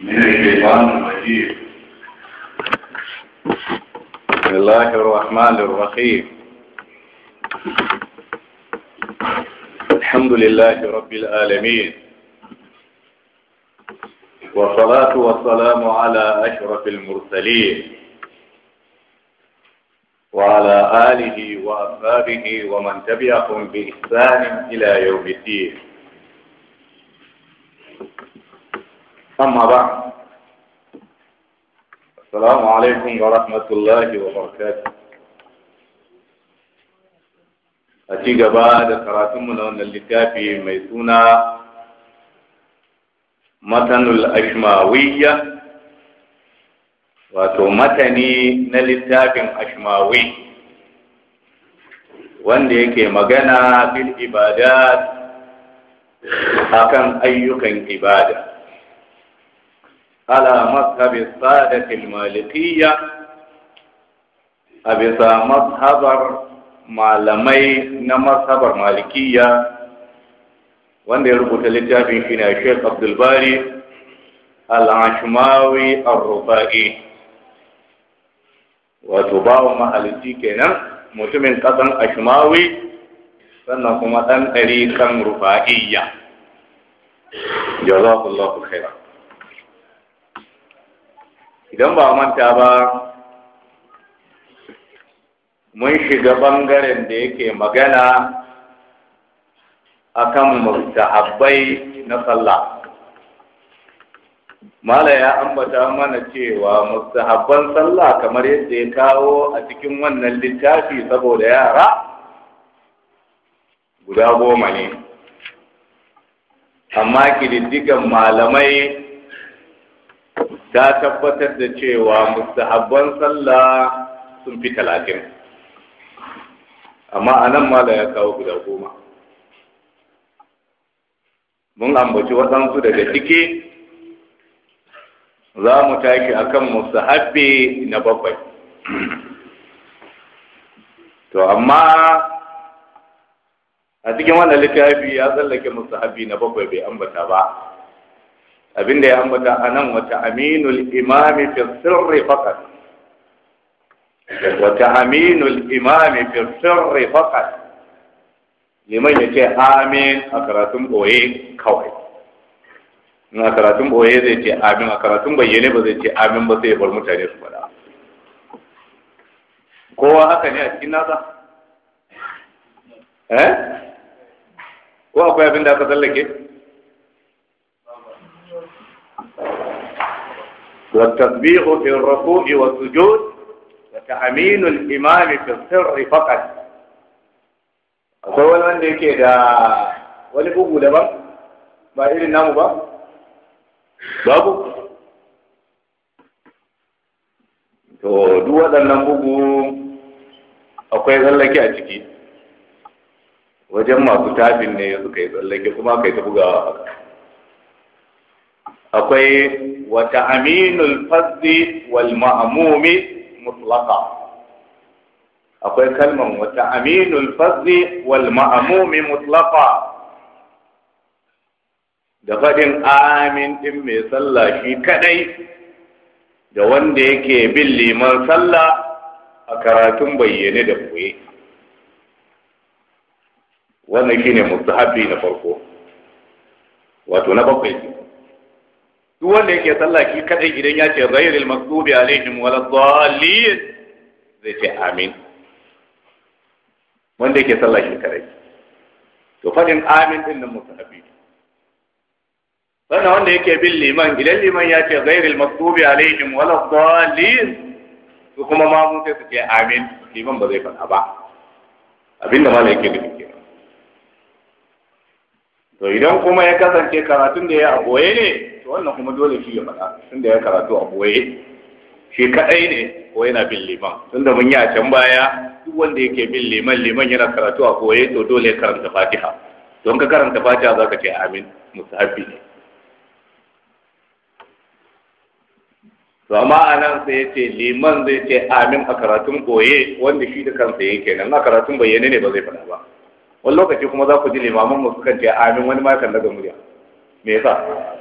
من الشيطان الرجيم بسم الله الرحمن الرحيم الحمد لله رب العالمين والصلاة والسلام على أشرف المرسلين وعلى آله وأصحابه ومن تبعهم بإحسان إلى يوم الدين أما بعد السلام عليكم ورحمة الله وبركاته أتي بعد قراتمنا من اللتافي ميتونا متن الأشماوية وتمتني matani أشماوي littafin مغنى wanda yake magana bil على مذهب السادة المالكية أبي أبدا مذهب المالكية نمذهب المالكية وندرب تلتابي فينا الشيخ عبد الباري العشماوي الرفائي وتباو مهلتي كنا متمن قطن عشماوي فنقمتن أريقا رفائية جزاك الله خيرا idan ba manta ba mun shiga ɓangaren da yake magana akan mustahabbai na sallah mala ya ambata mana cewa mustahabban sallah kamar yadda ya kawo a cikin wannan littafi saboda yara guda goma ne amma kididdigan malamai ta tabbatar da cewa mustahabban sallah sun fi talatin amma a nan mala ya kawo guda goma mun ambaci waɗansu daga ciki za mu a akan mustahabbi na bakwai to amma a cikin wannan littafi ya tsallake mustahabbi na bakwai bai ambata ba Abin da ya ambata nan wata aminul imami fil sirri faqat wata aminul imami fil sirri faqat liman ya ce amin a karatun boye kawai in a karatun boye zai ce amin a karatun bayyane ba zai ce amin ba sai ya bar mutane su faɗa kowa haka ne a cikin nasa eh ko akwai abin da aka tsallake والتسبيح في الركوع والسجود وتأمين الإمام في السر فقط أقول من ذلك دا ولبوه لبا ما إلي نامو با بابو to duk waɗannan bugu akwai tsallake a ciki wajen masu tafin ne suka yi tsallake kuma kai ta bugawa akwai wata aminul fazzi wal ma'amumi mutlaka akwai kalmar wata aminul fazzi wal ma'amumi mutlaqa da fadin amin din mai sallah shi kadai da wanda yake bin liman sallah a karatun bayyane da koye wannan shine mustahabi na farko wato na bakwai duk wanda yake sallah shi kadai idan ya ce ghairil maghdubi alaihim waladdallin zai ce amin wanda yake sallah shi kadai to fadin amin din nan musahabi sannan wanda yake bin liman idan liman ya ce ghairil maghdubi alaihim waladdallin to kuma ma mun sai su ce amin liman ba zai faɗa ba abinda malai yake nufi ke to idan kuma ya kasance karatun da ya a goye ne wannan kuma dole shi ya faɗa tunda ya karatu a boye shi kaɗai ne ko yana bin liman tunda mun yi a can baya duk wanda yake bin liman liman yana karatu a boye to dole ya karanta fatiha don ka karanta fatiha za ka ce amin musahabi ne to amma a nan sai ya ce liman zai ce amin a karatun boye wanda shi da kansa yake nan a karatun bayyane ne ba zai faɗa ba wani lokaci kuma za ku ji limaman mu sukan ce amin wani ma kan daga murya me yasa